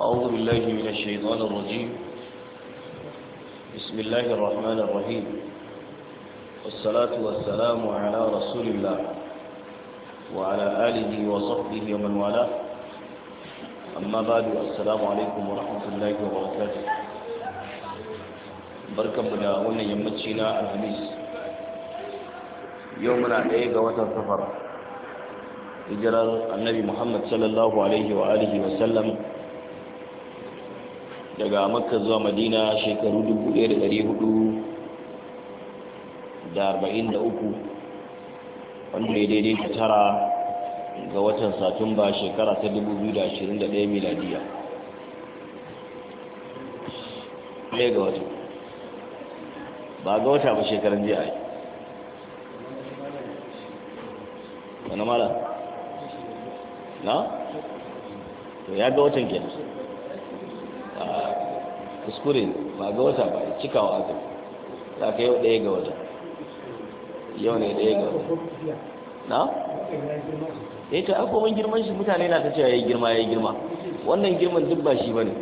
أعوذ بالله من الشيطان الرجيم بسم الله الرحمن الرحيم والصلاة والسلام على رسول الله وعلى آله وصحبه ومن والاه أما بعد السلام عليكم ورحمة الله وبركاته barkan mu da wannan yammaci na alhamis yau muna ɗaya ga watan safar hijirar annabi muhammad sallallahu alaihi wa alihi wa sallam daga makka zuwa madina shekaru 1443 wanda ya daidai ta tara ga watan satumba shekara ta 2021 miladiya ne ga wata ba ga wata ba shekarun jiya yi wani mara na? to ya ga watan kenan kuskure ne ba ga wata ba cikawa azumi za ka yau ɗaya ga wata yau ne ɗaya ga wata na? ya ta akwai girman shi mutane na ta cewa ya yi girma ya yi girma wannan girman duk ba shi ba ne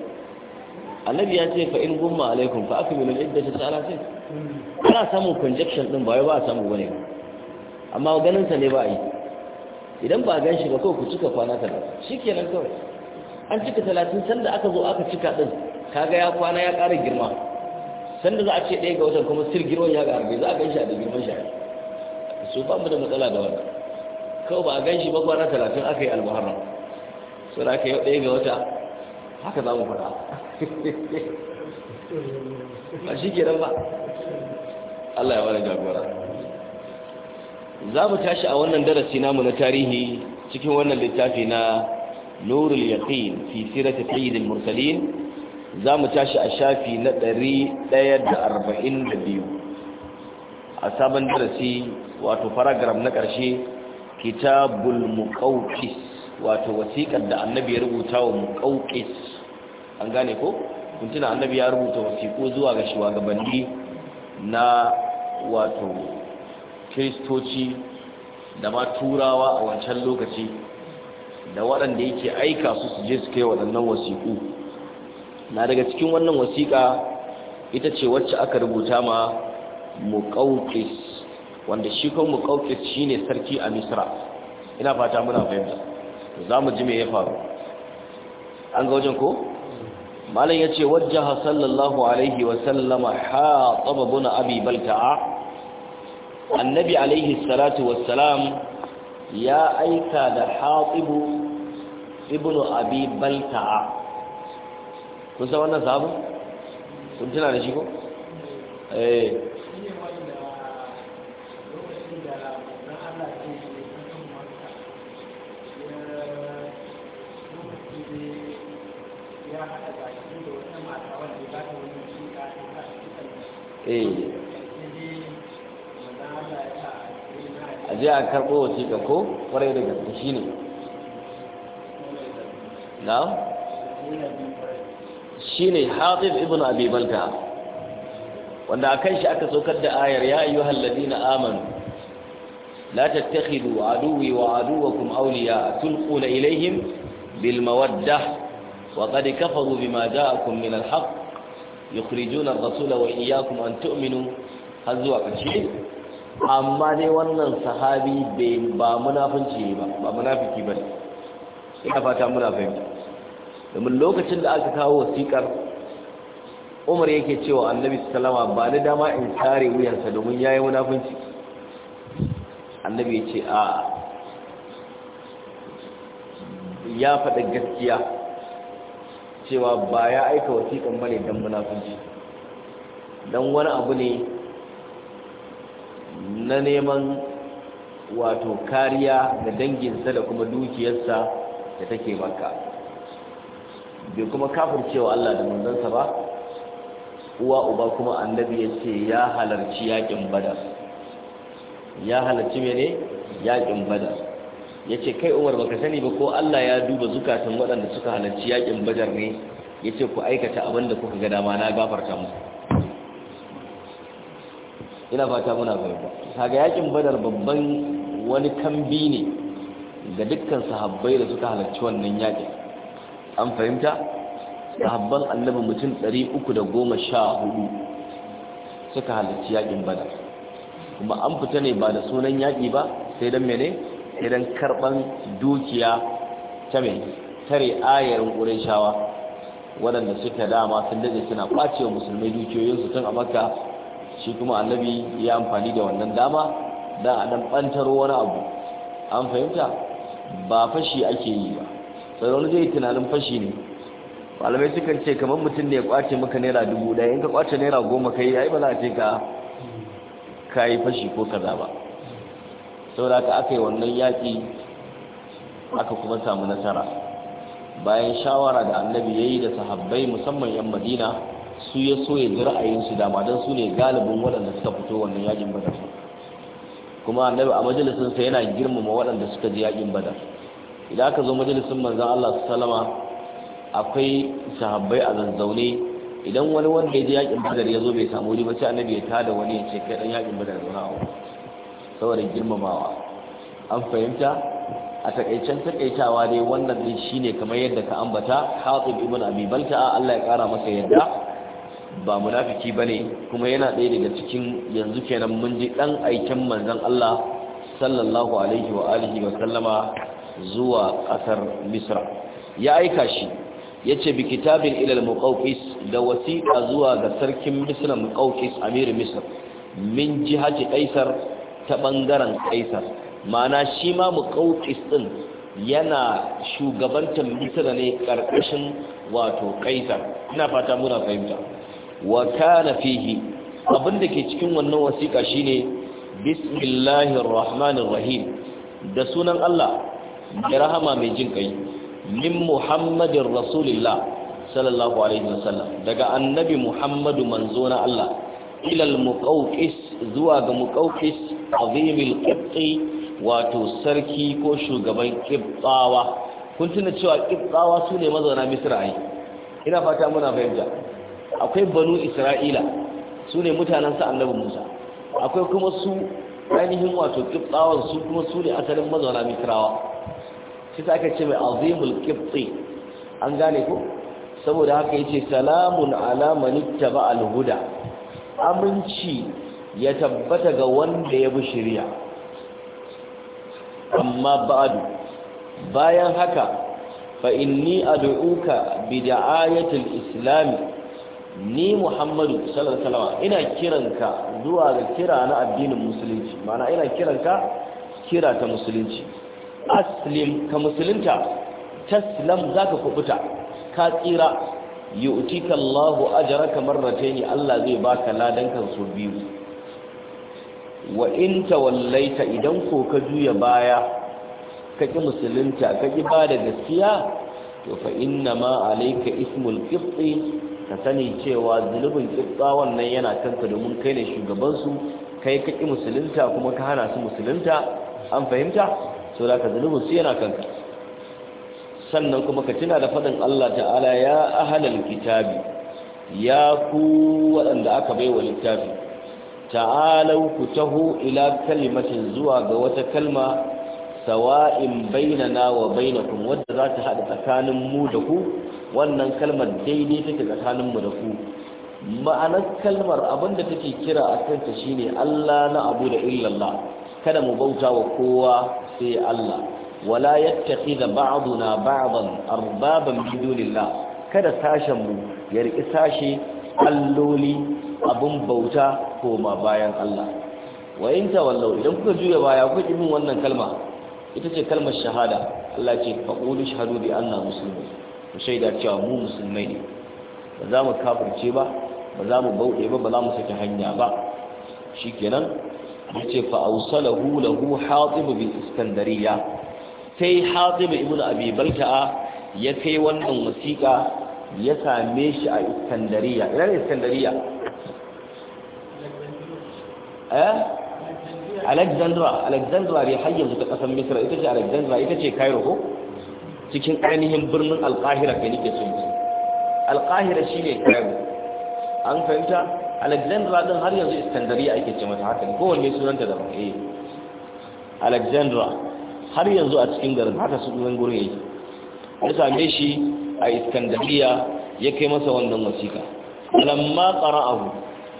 annabi ya ce fa in gumma alaikum fa aka milon idda ta tsara sai ana samun conjection din ba ba a samu wani amma ganin sa ne ba yi idan ba gan shi ba kawai ku cika kwana talatin shikenan kawai an cika talatin sanda aka zo aka cika din kaga ya kwana ya ƙara girma sanda za a ce ɗaya ga watan kuma sir girman ya ga arbe za a ganshi a da girman shi su ba mu da matsala da wannan kawai ba a ganshi ba kwana talatin aka yi albaharan sau da aka yi ɗaya ga wata haka za mu faɗa ba shi ke ba Allah ya wani jagora za mu tashi a wannan darasi namu na tarihi cikin wannan littafi na nurul yaqin fi sirati sayyidil mursalin za mu tashi a shafi na ɗari ɗaya da arba'in da biyu. a sabon darasi wato faragram na ƙarshe kitabul muqawqis wato wasiƙar da annabi ya rubuta wa muqawqis an gane ko kuntuna annabi ya rubuta wasiƙo zuwa ga shugabanni na wato kristoci da ma turawa a wancan lokaci da waɗanda yake aika su su je su kai waɗannan wasiƙu na daga cikin wannan wasiƙa ita ce wacce aka rubuta ma muƙauƙis wanda shi kan muƙauƙis shi ne sarki a misra ina fata muna fahimta za mu ji me ya faru an ga wajen ko? malam ya ce wajjaha sallallahu alaihi wasallama haɗaba buna abi balta'a annabi alaihi salatu wasalam ya aika da haɗibu Ibn abi balta'a kun san wannan sabu kun tuna da shi ko eh, eh. a je a karɓo wasiƙa ko ƙwarai da gaske shi ne na? shine Hatib ibn Abi wanda wanda kan shi aka saukar da ayar ya ayyuhal ladina amanu la tattakhidu aduwwi wa aduwwakum awliya tulquna ilayhim bil mawaddah wa qad kafaru bima ja'akum min al haqq yukhrijuna ar-rasula wa iyyakum an tu'minu har zuwa ƙarshe amma dai wannan sahabi ba munafunci ba ba munafiki ba ina fata domin lokacin da aka kawo wasiƙar umar yake cewa annabi salama ba ni dama in tare wuyansa domin ya yi munafunci annabi ce a ya faɗa gaskiya cewa ba ya aika wasiƙan bane don munafunci don wani abu ne na neman wato kariya da danginsa da kuma dukiyarsa da take maka bai kuma kafin kafircewa Allah da manzansa ba uwa uba kuma annabi ya ce ya halarci yakin badar ya halarci mene yakin badar ya ce kai umar baka sani ba ko Allah ya duba zukatan waɗanda suka halarci yakin badar ne ya ce ku aikata abinda kuka ga dama na gafarta musu ina fata muna fahimta kaga yakin badar babban wani kambi ne ga dukkan sahabbai da suka halarci wannan yakin an fahimta sahabban annabi mutum 314 suka halarci yakin Bada. kuma an fita ne ba da sunan yaƙi ba sai don mene sai don dukiya ta mai tare ayarin shawa, waɗanda suka dama sun daɗe suna kwacewa musulmai dukiyoyinsu tun a makka shi kuma annabi ya amfani da wannan dama da a ɗan ɓantar wani abu an fahimta ba fashi ake yi ba sai wani zai tunanin fashi ne malamai suka ce kamar mutum ne ya kwace maka naira dubu ɗaya in ka kwace naira goma ka yi ba za a ce ka ka fashi ko kaza ba da haka aka yi wannan yaƙi aka kuma samu nasara bayan shawara da annabi ya yi da sahabbai musamman yan madina su ya so ya ji ra'ayinsu dama don su ne galibin waɗanda suka fito wannan yaƙin badar kuma annabi a majalisinsa yana girmama waɗanda suka ji yaƙin badar idan aka zo majalisun manzan Allah salama, akwai sahabbai a zanzaune idan wani wanda ya je yakin badar ya zo bai samu wuri ba sai annabi ya tada wani ya ce kai dan yakin badar zauna a saboda girmamawa an fahimta a takaicen takaitawa dai wannan din shine kamar yadda ka ambata Khatib ibn Abi Balta Allah ya kara masa yadda ba munafiki bane kuma yana ɗaya daga cikin yanzu kenan mun ji dan aikin manzon Allah sallallahu alaihi wa alihi wa sallama zuwa ƙasar misra ya aika shi ya ce bi kitabin ilal muƙauƙis da wasiƙa zuwa ga sarkin misra muƙauƙis amirin misra min jihaci ƙaisar ta ɓangaren ƙaisar mana shi ma muƙauƙis ɗin yana shugabantar misra ne ƙarƙashin wato ƙaisar ina fata muna fahimta wa kana fihi abinda ke cikin wannan wasiƙa shine bismillahir rahmanir rahim da sunan Allah mai rahama mai jin kai min muhammadin rasulillah sallallahu alaihi wasallam daga annabi muhammadu manzo na Allah ilal muqawqis zuwa ga muqawqis azimil qibti wato sarki ko shugaban qibtawa kun tuna cewa qibtawa sune mazauna misra ai ina fata muna fahimta akwai banu isra'ila sune mutanen sa annabi musa akwai kuma su ainihin wato qibtawan su kuma su ne asalin mazauna misrawa shi aka ce mai azimul qibti an gane ko saboda haka yace salamun ala man ittaba al-huda aminci ya tabbata ga wanda ya bi shari'a amma ba'du bayan haka fa inni ad'uka bi da'ayatil islam ni muhammadu sallallahu alaihi wasallam ina kiranka zuwa ga kira na addinin musulunci ma'ana ina kiranka kira ta musulunci aslim ka musulunta taslam zaka kubuta ka tsira yu'tika Allahu ajraka marratayn Allah zai baka ladan kan su biyu wa in tawallaita idan ko ka juya baya ka ki musulunta ka ki bada gaskiya to fa inna ma alayka ismul qibti ka sani cewa zulubin qibta wannan yana kanka domin kai ne shugaban su kai ka ki musulunta kuma ka hana su musulunta an fahimta so da ka su yana kanka sannan kuma ka tuna da faɗin Allah ta'ala ya ahalal kitabi ya ku waɗanda aka baiwa littafi ta'ala ku taho ila kalmatin zuwa ga wata kalma sawa'in bainana wa bainakum wadda za ta haɗa tsakanin mu da ku wannan kalmar daidai take tsakanin mu da ku ma'anar kalmar abinda take kira a kanta shine Allah na abu da illallah kada mu bauta wa kowa sai Allah wala yattakhidha ba'duna ba'dan arbaban min dunillah kada sashen mu ya riki sashe alloli abun bauta ko ma bayan Allah wa in idan kuka juya baya kuka kin wannan kalma ita ce kalmar shahada Allah ce faqulu shahadu bi anna muslimun ku shaida cewa mu musulmai ne ba za mu kafirce ba ba za mu bauɗe ba ba za mu saki hanya ba shikenan yace fa awsalahu lahu hatib bil iskandariya sai hatib ibn abi balta'a ya kai wannan wasiƙa ya same shi a iskandariya ina ne iskandariya eh alexandra alexandra ne har yanzu kasar misra ita ce alexandra ita ce cairo ko cikin ainihin birnin alkahira kai nake son ji alkahira shine cairo an fahimta alexandra ɗin har yanzu iskandariya ake ce mata haka kowane sunanta da eh alexandra har yanzu a cikin garin haka sunan gurin yake ya same shi a iskandariya ya kai masa wannan wasiƙa lamma abu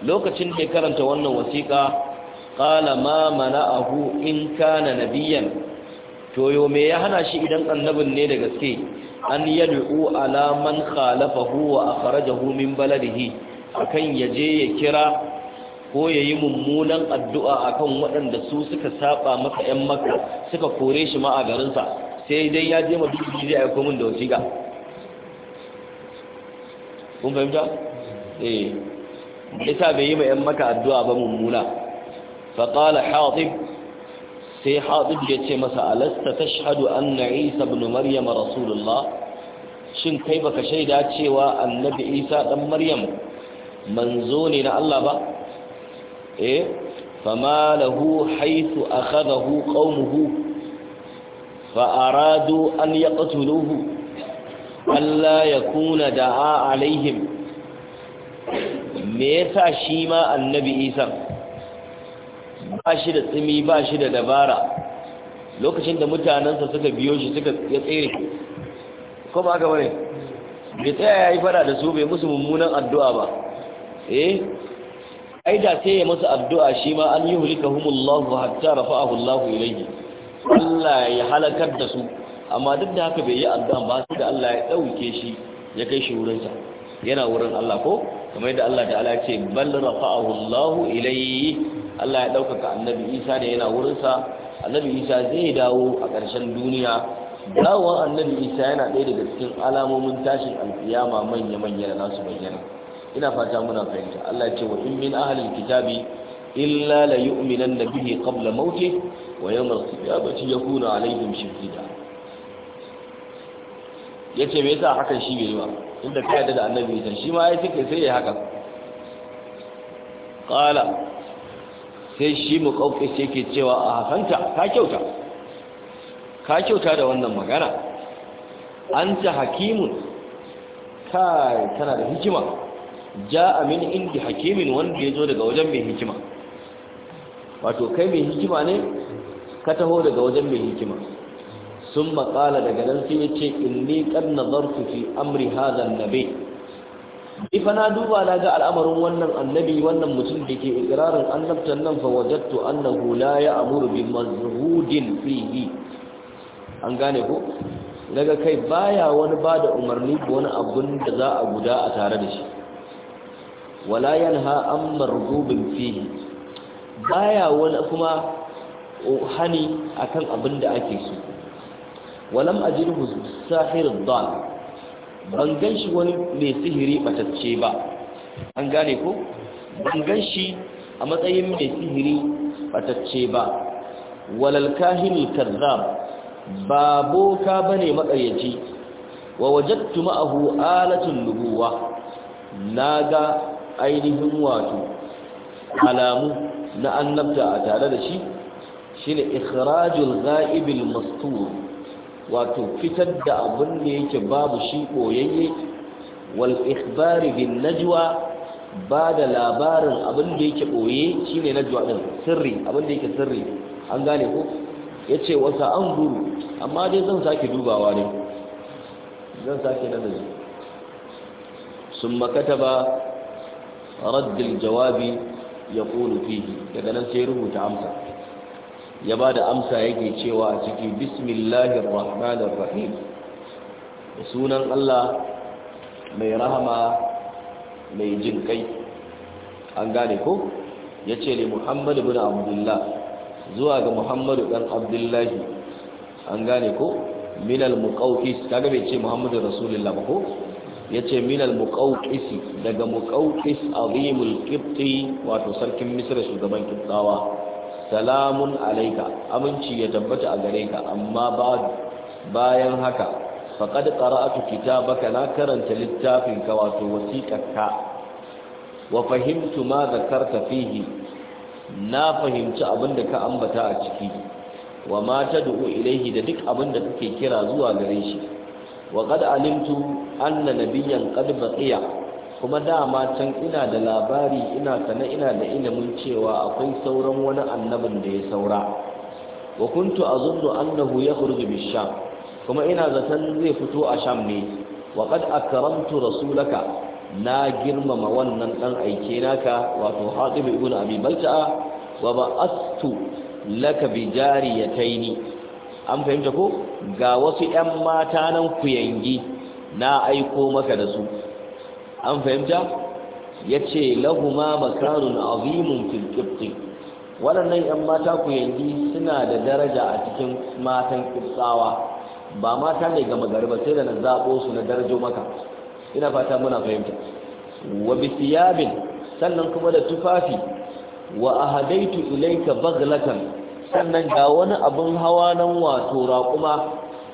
lokacin da ya karanta wannan wasiƙa Ƙala ma abu in kana na to Toyo me ya hana shi idan annabin ne da gaske an yad'u ala man khalafahu wa akhrajahu min baladihi akan ya je ya kira ko ya yi mummunan addu'a akan waɗanda su suka saba masa ‘yan maka suka kore shi ma a garin sa sai dai ya je mafi zai aiko min da wasiƙa kun fahimta? eh isa bai yi ma ‘yan maka addu'a ba mummuna qala hatib sai hatib ya ce masa alasta ta shahadu an na isa ibn maryam rasulullah shin kai baka shaida cewa annabi isa dan maryam manzo ne na Allah ba eh fama lahu haythu akhadahu qaumuhu fa aradu an yaqtuluhu alla yakuna da'a alaihim me yasa shi ma annabi Isa ba shi da tsimi ba shi da dabara lokacin da mutanensa suka biyo shi suka ya tsere kuma aka bane bai tsaya ya yi fada da su bai musu mummunan addu'a ba eh ai da sai ya musu addu'a shi ma an yi hulikahumullahu hatta rafa'ahu Allahu ilayhi Allah ya halakar da su amma duk da haka bai yi addu'a ba sai da Allah ya dauke shi ya kai shi wurin sa yana wurin Allah ko kamar yadda Allah ta'ala ya ce bal rafa'ahu Allahu ilayhi Allah ya daukaka annabi Isa da yana wurin sa annabi Isa zai dawo a ƙarshen duniya dawon annabi isa yana ɗaya daga cikin alamomin tashin alkiyama manya-manya da nasu bayyana ina fata muna fahimta Allah ce wa in min ahlil kitabi illa la yu'minanna bihi qabla mawtih wa yawm al-qiyamati yakunu alaihim shahida yace me yasa hakan shi bai ba inda ka yadda da annabi dan shi ma ya ce sai ya haka qala sai shi mu kauke sai yake cewa a hakanta ka kyauta ka kyauta da wannan magana anta hakimun kai tana da hikima ja min indi hakimin wanda ya zo daga wajen mai hikima wato kai mai hikima ne ka taho daga wajen mai hikima sun makala daga nan sai ya ce inni kan nazartu fi amri hadan nabi ni fa na duba na ga al'amarin wannan annabi wannan mutum da ke ikirarin annabtan nan fa wajattu annahu la ya'muru bi mazhudin fihi an gane ko daga kai baya wani bada umarni ko wani abun da za a guda a tare da shi wala yanha an marbubin fihi baya wani kuma hani akan abin da ake so walam ajirhu sahir dal ban ganshi wani mai sihiri batacce ba an gane ko ban ganshi a matsayin mai sihiri batacce ba walal kahin kazzab ba boka bane makaryaci wa wajadtu ma'ahu alatun nubuwa naga ainihin wato alamu na annabta a tare da shi shi ne ikirajin za'ibin mastur wato fitar da abin da yake babu shi boyayye wal ikhbari bin najwa ba da labarin abin da yake boye shine najwa din sirri abin da yake sirri an gane ko ce wasa an guru amma dai zan sake dubawa ne zan sake Sun makata ba. raddil jawabi yaqulu fihi daga nan sai rubuta amsa ya da amsa yake cewa a ciki bismillahir rahmanir rahim da sunan Allah mai rahama mai jin kai an gane ko yace ne Muhammad ibn Abdullah zuwa ga Muhammad dan Abdullah an gane ko kaga bai ce Muhammadu Rasulullah ba ko yace min al-muqawqis daga muqawqis azimul qibti wato sarkin misra shugaban kibtawa salamun alaika. aminci ya tabbata a gare ka amma ba bayan haka faqad qara'atu kitabaka na karanta littafin ka wato wasiqaka wa fahimtu ma zakarta fihi na fahimci abinda ka ambata a ciki wa ma tad'u ilayhi da duk abin da kake kira zuwa gare shi wa qad alimtu anna nabiyyan qad baqiya kuma dama can ina da labari ina sana ina da ilimin cewa akwai sauran wani annabin da ya saura wa kuntu azunnu annahu yakhruju bisham kuma ina zaton zai fito a sham ne wa qad akramtu rasulaka na girmama wannan dan aike naka wato hatib ibn abi balta'a wa ba'astu laka bi an fahimta ko ga wasu 'yan mata nan kuyangi yangi na aiko maka da su an fahimta yace lahuma makarun azimun fil qibti waɗannan 'yan mata ku yanzu suna da daraja a cikin matan kibsawa ba mata ne ga magariba sai da na zaɓo su na darajo maka ina fata muna fahimta wa bisiyabin sannan kuma da tufafi wa ahadaitu ilayka baghlatan sannan ga wani abun hawa nan wato raquma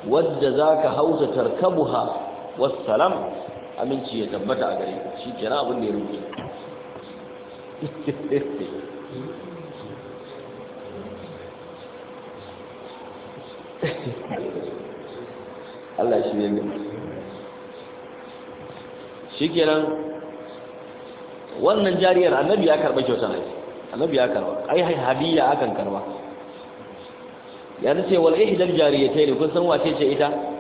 wadda ka hausa tarkabuha wasalam aminci ya tabbata a gare ku shi kira abin da ya rubuta Allah shi ne shi kenan wannan jariyar annabi ya karba kyauta ne, annabi ya karba ai hadiya akan karba ya nace wal ihdal jariyatayn kun san wace ce ita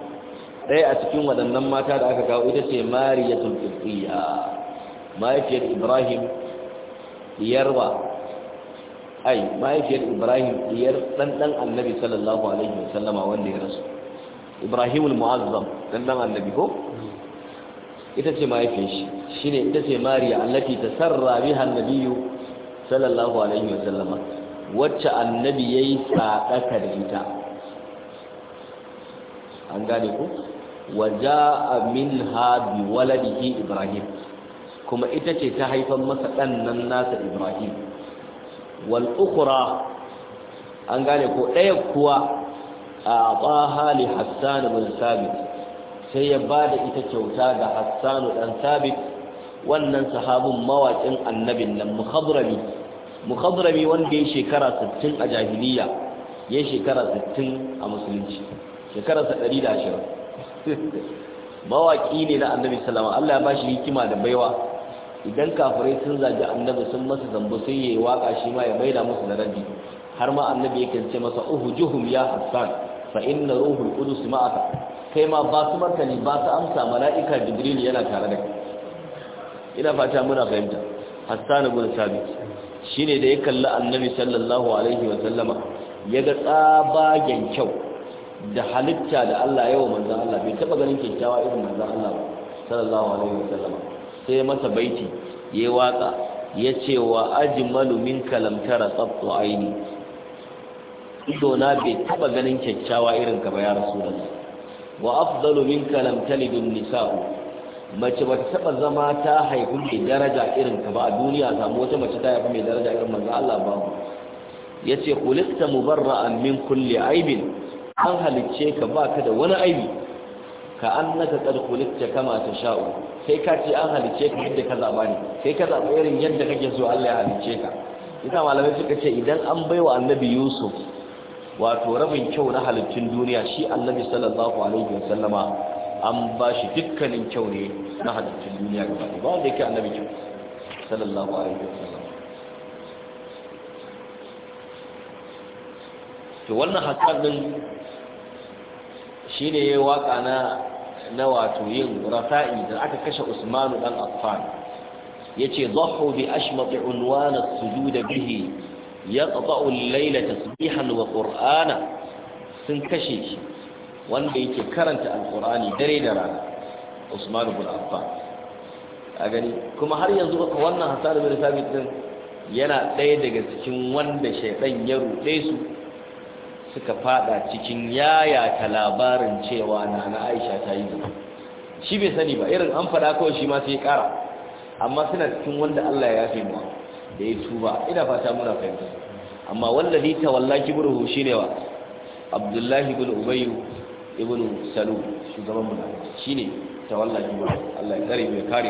ɗaya a cikin waɗannan mata da aka kawo ita ce Mariya qibtiyya mahaifiyar ibrahim yarwa ai mahaifiyar ibrahim diyar ɗanɗan annabi sallallahu alaihi wasallama wanda ya rasu ibrahimul mu'azzam ɗanɗan annabi ko ita ce mahaifiyar shi shine ita ce mariya allati tasarra biha annabiyyu sallallahu alaihi wasallama wacce annabi yayi sadaka da ita an gane ku waja'a minha bi waladihi ibrahim kuma ita ce ta haifan masa dan nan nasa ibrahim wal ukhra an gane ko daya kuwa a baha li hassan bin sabit sai ya bada ita kyauta ga hassan dan sabit wannan sahabin mawakin annabin nan mukhadrami mukhadrami wanda ya shekara 60 a jahiliya ya shekara 60 a musulunci shekara 120 mawaki ne na annabi sallama Allah ya bashi hikima da baiwa idan kafirai sun zaji annabi sun masa zambo sai yi waka shi ma ya maida musu da raddi har ma annabi yake ce masa uhujuhum ya hassan fa inna ruhul qudus ma'aka kai ma ba su martani ba su amsa mala'ika jibril yana tare da kai ina fata muna fahimta hassan ibn sabit shine da ya kalli annabi sallallahu alaihi wa sallama ya ga tsabagen kyau da halitta da Allah yawa manzan Allah bai taba ganin kyakkyawa irin manzan Allah sallallahu alaihi wasallam sai masa baiti yayi Ya ce wa aji minka lam tara sabtu aini ido na bai taba ganin kyakkyawa irin ka ba ya su. wa afdalu minka lam talid nisa'u mace ba ta taba zama ta haihu mai daraja irin ka ba a duniya samu wata mace ta haifi mai daraja irin manzan Allah ba Ya yace khuliqta mubarra'an min kulli aibin an halicce ka ba ka da wani aibi ka annaka qad ƙarfulicce kama ta sha'u sai ka ce an halicce ka yadda ka zaɓa ne sai ka zaɓa irin yadda kake so Allah ya halicce ka ita malamai suka ce idan an bai wa annabi Yusuf wato rabin kyau na halittun duniya shi annabi sallallahu alaihi sallama, an ba shi dukkanin kyau ne na halittun duniya gaba ɗaya ba wanda yake annabi kyau sallallahu alaihi sallama. to wannan hakan din shi ne ya waka na na wato yin rafa'i da aka kashe usmanu dan affan ya ce zahu bi ashmati unwana sujuda bihi ya tsatsa'u laila tasbihan wa qur'ana sun kashe shi wanda yake karanta alqur'ani dare da rana usmanu bin affan a gani kuma har yanzu ka wannan hasaru bin sabit din yana ɗaya daga cikin wanda shaidan ya ruɗe su suka fada cikin yaya ta labarin cewa nana aisha ta yi zina shi bai sani ba irin an fada kawai shi ma sai kara amma suna cikin wanda Allah ya fi mawa da ya tuba ina fata muna fahimta amma wallaki tawalla shi ne wa Abdullahi ibn Ubay ibn Salul shugaban mu Ta wallaki kibruhu Allah ya kare ya kare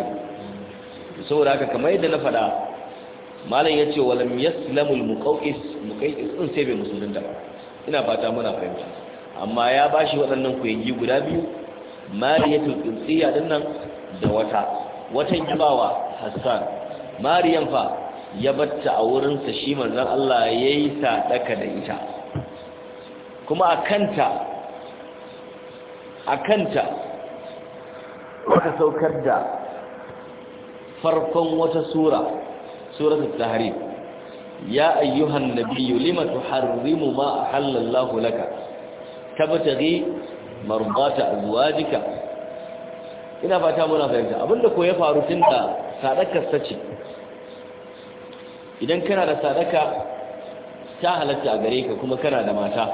mu saboda haka kamar yadda na fada malam yace walam yaslamul muqawqis muqawqis din sai bai musulunta ba ina fata muna fahimta amma ya bashi waɗannan kuyangi guda biyu mariyatul qibtiyya dinnan da wata watan yabawa hassan Mariyam fa ya batta a wurin sa shi manzon Allah yayi ta daka da ita kuma akanta akanta wata saukar da farkon wata sura suratul tahrim ya ayyuhan nabiyyu lima tuharrimu ma halallahu laka tabtaghi marbata azwajika ina fata muna fahimta abinda ko ya faru tunda sadakar sace idan kana da sadaka ta halatta a gare ka kuma kana da mata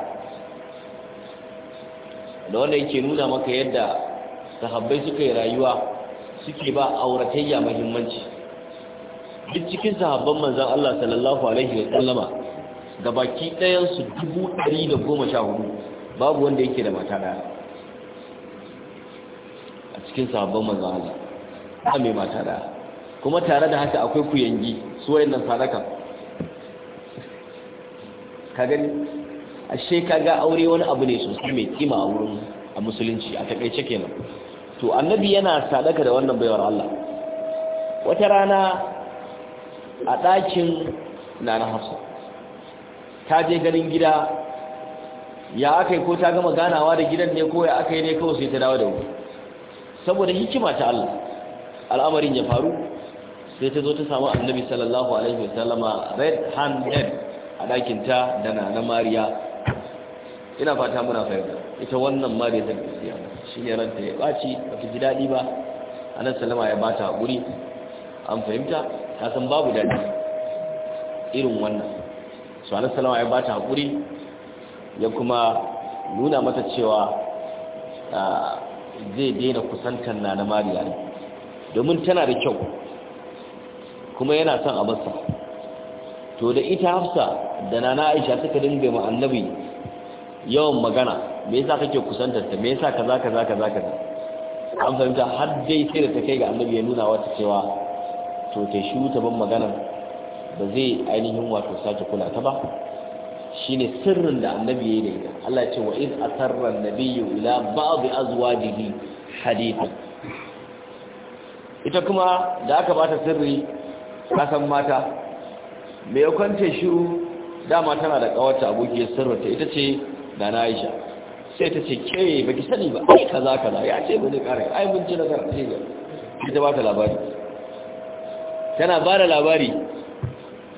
da wanda yake nuna maka yadda sahabbai suka yi rayuwa suke ba auratayya muhimmanci duk cikin sahabban manzan Allah sallallahu alaihi wasallama ga baki ɗayan su 114 babu wanda yake da mata ɗaya a cikin sahabban manzan Allah ba mai mata ɗaya kuma tare da haka akwai kuyangi su nan sadaka ka gani ashe ga aure wani abu ne sosai mai kima a wurin a musulunci a takaice kenan to annabi yana sadaka da wannan baiwar Allah wata rana a ɗakin na na hafsa ta je ganin gida ya aka yi ko ta gama ganawa da gidan ne ko ya aka yi ne kawai sai ta dawo da wuri saboda hikima ta Allah al'amarin ya faru sai ta zo ta samu annabi sallallahu alaihi wa sallama, red hand head a ɗakinta da na na mariya ina fata muna fahimta ita wannan Mariya ta ya shi ne ranta ya ɓaci ba ta ji daɗi ba nan sallama ya bata guri an fahimta san babu daɗi irin wannan su ana salama ya bata haƙuri ya kuma nuna mata cewa zai daina kusantar na na mariya ne domin tana da kyau kuma yana son a abarsa to da ita hafsa da nana aisha suka dinga ma annabi yawan magana me yasa kake kusantar ta me yasa kaza kaza kaza kaza an fahimta har dai sai da ta kai ga annabi ya nuna wata cewa to ta shiru ta ban magana ba zai ainihin wato sake kula ta ba Shi ne sirrin da annabi ya yi da ita Allah ce wa a asarra an-nabiyyu ila azuwa azwajihi hadithan ita kuma da aka ba ta sirri kasan mata me ce shiru dama tana da kawarta sirrin sirrinta ita ce da na Aisha sai ta ce ke baki sani ba ai kaza kaza ya ce bane kare ai mun ji nazar ce ita ba ta labari tana ba da labari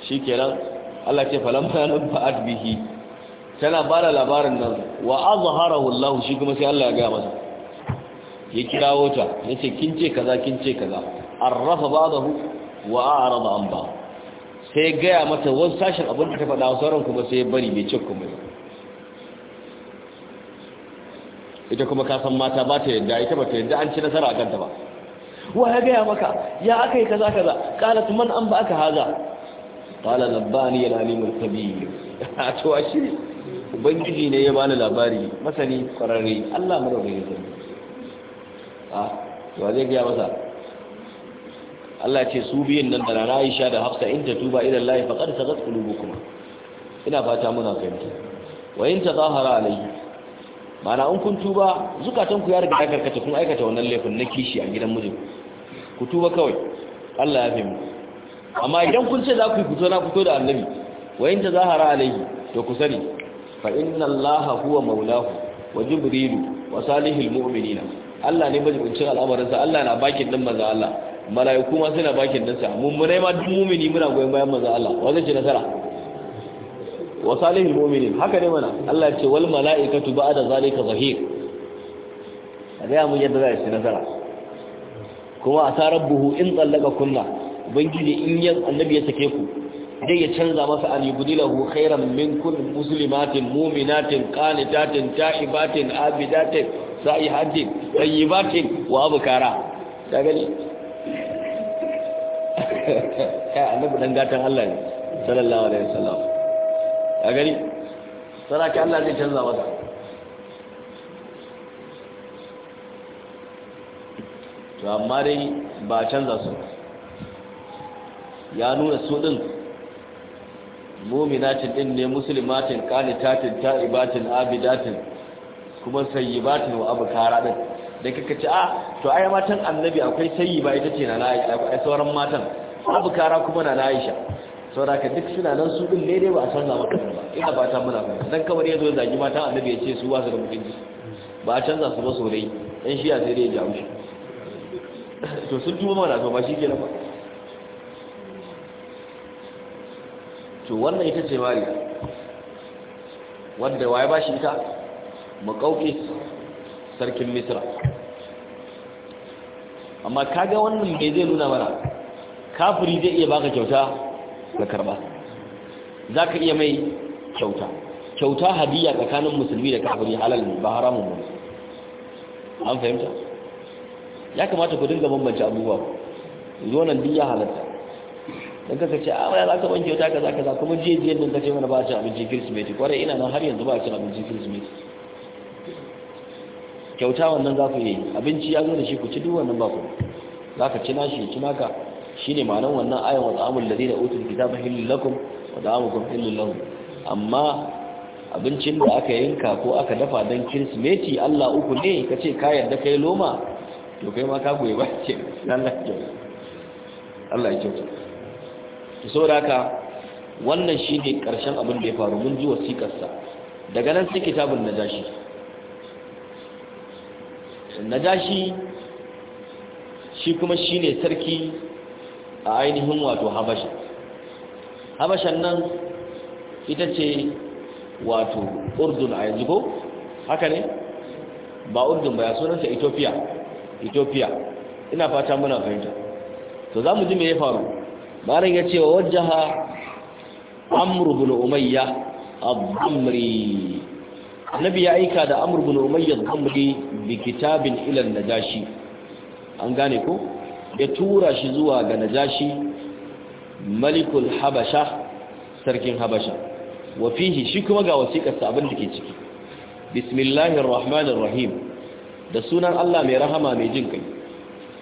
shi kenan Allah ce falamma nan fa'ad bihi tana ba da labarin nan wa azharahu Allah shi kuma sai Allah ya ga masa ya kirawo ta ce kin ce kaza kin ce kaza arrafa ba'dahu wa a'rada an ba sai gaya mata wani sashen abin da ta faɗa sauran kuma sai bari bai ce kuma ita kuma ka san mata ba ta yadda ita ba ta yadda an ci nasara a kanta ba wa ya gaya maka ya aka yi kaza kaza qalat man an ba aka haza qala nabbani al-alim al-kabir a to shi ubangiji ne ya bani labari masani kwararre Allah madaukakin sarki a to zai gaya masa Allah ce su biyan nan da rana sha da Hafsa in ta tuba ila Allah faqad sagat qulubukum ina fata muna kai. wa in tazahara alayhi mana in kun tuba zukatan ku ya riga ya karkata kun aikata wannan laifin na kishi a gidan mijin ku tuba kawai Allah ya fahimta amma idan kun ce za ku fito na fito da annabi wayin ta zahara alayhi to ku sani fa inna allaha huwa maulahu wa jibril wa salihul mu'minina Allah ne majibincin al'amarin sa Allah na bakin dan manzo Allah malaiku ma suna bakin dan sa mun mai ma duk mu'mini muna goyen bayan manzo Allah wa zai ci nasara wa salihul mu'minin haka ne mana Allah ya ce wal mala'ikatu ba'da zalika zahir ya mu yadda za shi nasara kuma asarabbuhu in tsallaka kunna ubangiji in yan annabi ya sake ku dai ya canza masa an yubdilahu khairan kun muslimatin mu'minatin qanitatin ta'ibatin abidatin sa'ihatin tayyibatin wa abkara ka gani kai annabi dan gatan Allah ne sallallahu alaihi wasallam a gani saraki Allah zai canza masa to amma dai ba canza su ya nuna su din muminatin din ne musulmatin qanitatin ta'ibatin abidatin kuma sayyibatin wa kara din da kika ci a ah, to ai matan annabi akwai sayyiba ita ce na la'i Akwai sauran matan kara kuma na la'isha saboda ka duk suna nan su din daidai ba a canza maka ba ina ba ta muna fahimta dan kamar yanzu zagi mata annabi ya ce su ba su da mutunci ba a canza su ba sorai dan shi ya sai dai ya jawo to sun tuma mana to ba shi kenan ba to wannan ita ce mari wanda waye ba shi ita makauki sarkin misra amma kaga wannan bai zai nuna mana kafiri zai iya baka kyauta na karba za ka iya mai kyauta kyauta hadiya tsakanin musulmi da kafin halal ne ba haramun ba an fahimta ya kamata ku dinga bambance abubuwa zuwa nan duk ya halatta dan kasa ce a ah, wai za ka wanke wata kaza kaza kuma jiye-jiye din kace mana ba a cin abinci kirsimeti kwarai ina nan har yanzu ba a cin abinci kirsimeti kyauta wannan za ku yi abinci ya zo da shi ku ci duk wannan ba ku za ka ci shi ci ka shine ma'anar wannan ayan wa da zai da kitaba hillul lakum wa ta'amukum hillul lahum amma abincin da aka yanka ko aka dafa don kirismeti Allah uku ne ka ce ka yarda loma to kai ma ka goye ba ce Allah ya kyauta Allah sau da to saboda haka wannan shine karshen abin da ya faru mun ji wasiƙarsa. daga nan sai kitabun najashi najashi shi kuma shi ne sarki a ainihin wato habasha habashan nan ita ce wato urdun a yanzu ko haka ne ba urdun ba ya sunanta ethiopia ethiopia ina fata muna fahimta to za mu ji mai ya faru bayan ya ce wa wajaha amru bin umayya al-amri annabi ya aika da amru bin umayya al-amri bi kitabin ila najashi an gane ko ya tura shi zuwa ga najashi malikul habasha sarkin habasha wa fihi shi kuma ga wasiƙarsa abin da ke ciki bismillahir rahmanir rahim da sunan Allah mai rahama mai jin kai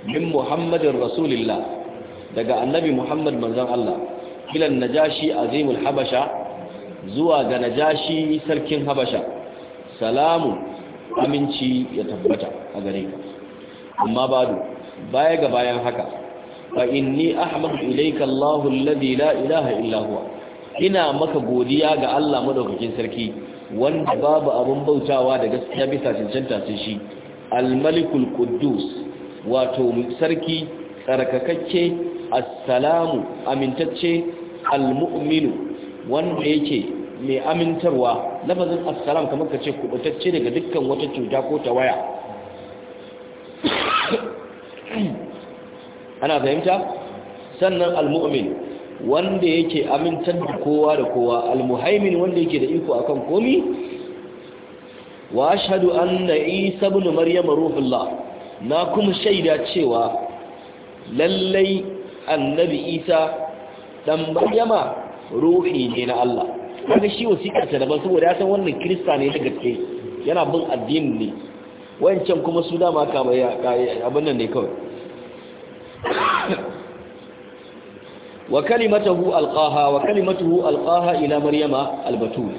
min muhammadin rasulillah daga annabi muhammad manzon Allah ila najashi azimul habasha zuwa ga najashi sarkin habasha salamu aminci ya tabbata a gare ka amma duk. baya ga bayan haka fa inni ahmadu ilayka Allahu alladhi la ilaha illa huwa ina maka godiya ga Allah madaukakin sarki wanda babu abun bautawa da gaskiya bisa cancanta sai shi al-malikul quddus wato sarki tsarkakakke assalamu amintacce almu'minu wanda yake mai amintarwa lafazin assalam kamar ce kubutacce daga dukkan wata cuta ko tawaya ana fahimta sannan almu'min wanda yake amintar da kowa da kowa almuhaimin wanda yake da iko akan komi wa ashhadu anna isa ibn maryama ruhullah na kuma shaida cewa lallai annabi isa dan maryama ruhi ne na Allah kaga shi wasiƙarsa daban saboda ya san wannan kirista ne da gaske yana bin addini ne wancan kuma su dama ka abin nan ne kawai wa kalimatahu alqaha wa kalimatuhu alqaha ila maryama albatul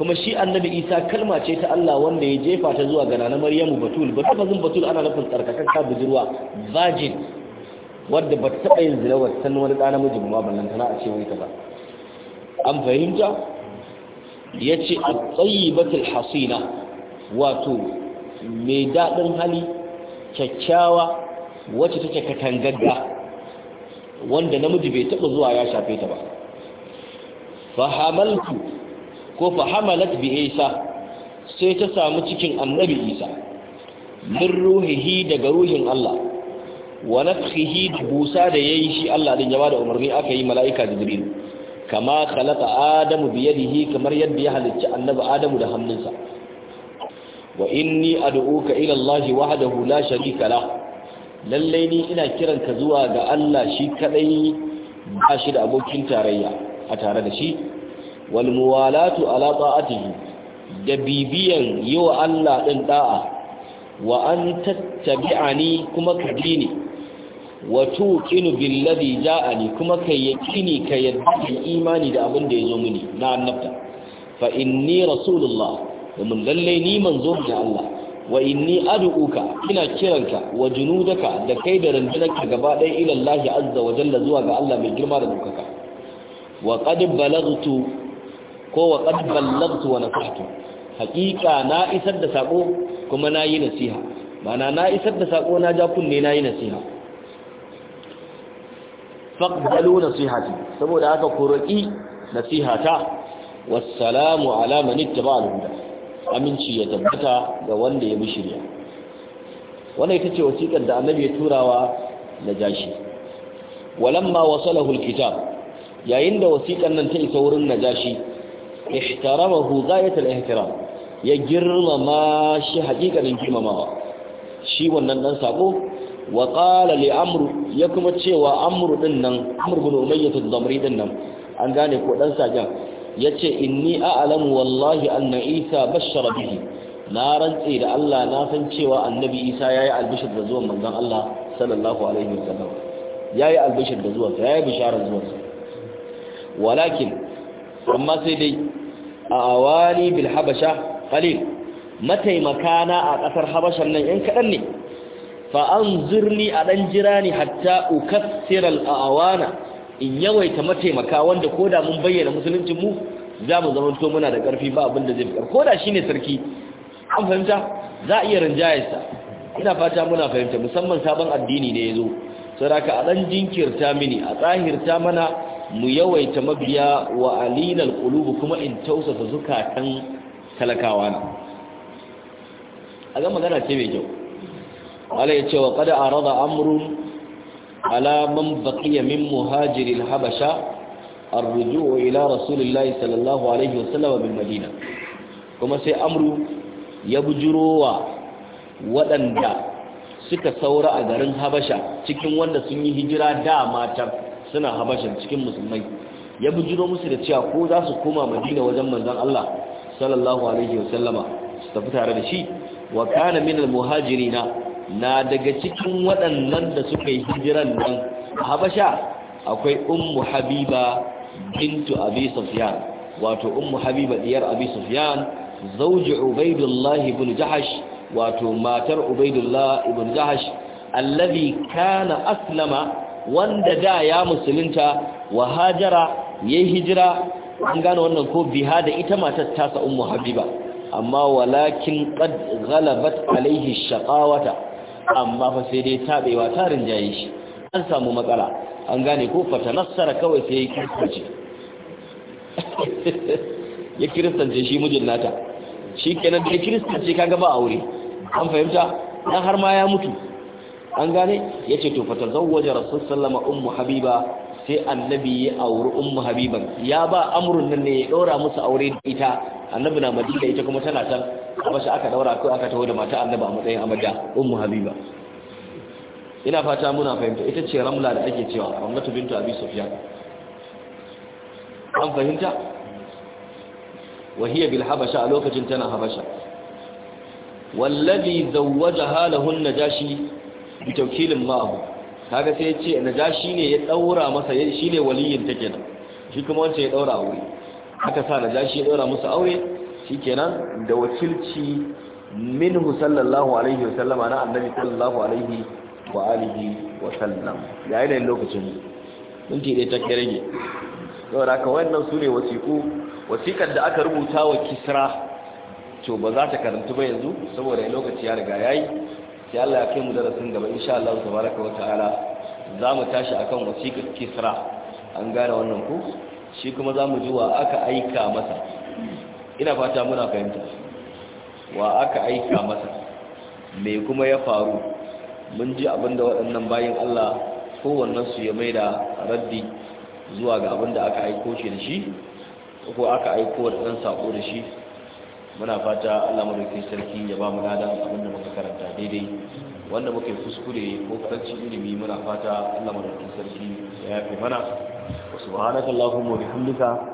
kuma shi annabi isa kalma ce ta Allah wanda ya jefa ta zuwa ga nana maryamu batul ba ta bazin batul ana nufin tsarkakakka budurwa virgin wadda ba ta taɓa yin zina ba san wani ɗa namiji ba ballan tana a ce wai ba. an fahimta ya ce a tsayibatul hasina wato mai daɗin hali kyakkyawa wacce take katangadda wanda namiji bai taba zuwa ya shafe ta ba fahamaltu ko fahamalat bi isa sai ta samu cikin annabi isa min ruhihi daga ruhin Allah wa nafhihi busa da yayi shi Allah din ya da umarni aka yi malaika jibril kama khalaqa adamu bi yadihi kamar yadda ya halicci annabi adamu da hannunsa wa inni ad'uka ila allahi wahdahu la sharika lahu lallai ni ina kiran ka zuwa ga Allah shi kadai ba shi da abokin tarayya a tare da shi wal muwalatu ala ta'atihi da bibiyan yiwa Allah din da'a wa an tattabi'ani kuma ka dini wa tuqinu billadhi ja'ani kuma ka yakini ka yaddi imani da abin da yazo mini na annabta fa inni rasulullah domin lallai ni manzo da Allah wa inni ad'uka ina kiranka wa junudaka da kai da rundunarka gaba ɗaya ila Allah azza wa jalla zuwa ga Allah mai girma da dukaka wa qad balagtu ko wa qad ballagtu wa nasahtu haqiqa na isar da sako kuma na yi nasiha mana na isar da sako na ja kunne na yi nasiha faqbalu nasihati saboda haka ku roki nasihata wassalamu ala man ittaba al-huda aminci ya tabbata ga wanda ya bi shirya wannan ita ce wasiƙar da annabi ya turawa jashi. walamma wasalahu alkitab yayin da wasiƙar nan ta isa wurin najashi ihtaramahu ghayat alihtiram ya girmama shi hakikanin girmamawa shi wannan dan sako wa qala li amru ya kuma cewa amru din nan amru bin umayyah ad-damri din nan an gane ko dan sajan Ya yace inni a'lamu wallahi anna isa bashara bihi na rantse da Allah na san cewa annabi isa ya yi albishir da zuwan manzon Allah sallallahu alaihi wasallam yayi albishir da zuwansa yayi bisharar zuwansa walakin amma sai dai a awali bil habasha qalil na a kasar habashan nan yan kadan ne fa anzurni a dan jira ni hatta ukassira al awana in yawaita mataimaka wanda ko da mun bayyana musuluncin mu za mu zama to muna da ƙarfi ba abin da zai fitar ko da shine sarki an fahimta za a iya rinjayarsa ina fata muna fahimta musamman sabon addini ne ya zo Sadaka, a ɗan jinkirta mini a tsahirta mana mu yawaita mabiya wa alinal qulubu kuma in tausasa zukatan talakawa na a ga magana ce mai kyau Allah ya ce wa qad arada amrun ala man baqiya min muhajiril habasha ar-ruju'u ila rasulillahi sallallahu alaihi wasallam bil madina kuma sai amru ya bujurowa waɗanda suka saura a garin habasha cikin wanda sun yi hijira da matan suna habasha cikin musulmai ya bujiro musu da cewa ko za su koma madina wajen manzon Allah sallallahu alaihi wasallama su tafi tare da shi wa kana min almuhajirina na daga cikin waɗannan da suka yi hijiran nan a habasha akwai ummu habiba bintu abi sufyan wato ummu habiba diyar abi sufyan zauji ubaidullahi ibn jahash wato matar ubaidullah ibn jahash allazi kana aslama wanda da ya musulunta wa hajara yayi hijira an gane wannan ko biha da ita matar tasa ummu habiba amma walakin qad ghalabat alaihi shaqawata amma fa sai dai tabewa ta rinjaye shi an samu matsala an gane ko fata nasara kawai sai ya kiristanci ya kiristance shi mijin nata shi kenan da ya kiristance gaba ba aure an fahimta dan har ma ya mutu an gane ya ce to fata zawwaja rasul sallama ummu habiba sai annabi ya auri ummu habiban ya ba amrun nan ne ya ɗora musu aure da ita annabi na madina ita kuma tana can shi aka daura ko aka taho da mata annaba a matsayin amarya ummu habiba ina fata muna fahimta ita ce ramla da ake cewa ramlatu bintu abi sufyan an fahimta وهي بالحبشة لوكة تنا حبشة والذي زوجها له النجاشي بتوكيل معه kaga sai yace najashi ne ya daura masa shine waliyin ta kenan shi kuma wanda ya daura aure aka sa najashi ya daura musu aure Shi kenan da wakilci minhu sallallahu alaihi wasallam na annabi sallallahu alaihi wa alihi wa sallam yayin da lokacin minti dai ta rage saboda haka wannan sune wasiku wasikar da aka rubuta wa kisra to ba za ta karantu ba yanzu saboda lokaci ya riga yayi sai Allah ya kai mu darasin gaba insha Allah tabaraka wa ta'ala za mu tashi akan wasikar kisra an gane wannan ku shi kuma za mu ji wa aka aika masa ina fata muna fahimta wa aka aika masa me kuma ya faru mun ji abinda waɗannan bayan Allah su ya mai da raddi zuwa ga abinda aka aiko shi da shi ko aka aiko da ɗan saƙo da shi muna fata Allah madaukakin sarki ya ba mu nada abinda muka karanta daidai wanda muke kuskure ko kanci ilimi muna fata Allah madaukakin sarki ya yafe mana wa subhanakallahumma wa bihamdika